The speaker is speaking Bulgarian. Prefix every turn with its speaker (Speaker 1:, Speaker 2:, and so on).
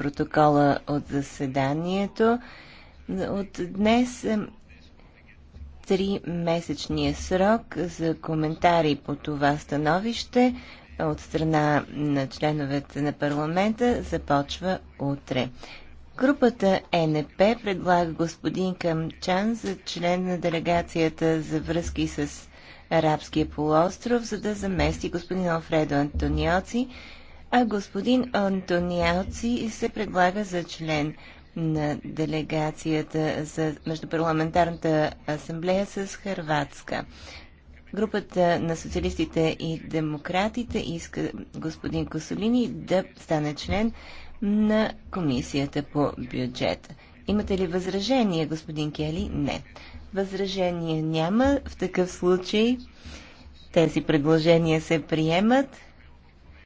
Speaker 1: протокола от заседанието. От днес е три месечния срок за коментари по това становище от страна на членовете на парламента започва утре. Групата НП предлага господин Камчан за член на делегацията за връзки с Арабския полуостров, за да замести господин Алфредо Антониоци, а господин Антониалци се предлага за член на делегацията за Междупарламентарната асамблея с Харватска. Групата на социалистите и демократите иска господин Косолини да стане член на комисията по бюджета. Имате ли възражение, господин Кели? Не. Възражение няма. В такъв случай тези предложения
Speaker 2: се приемат.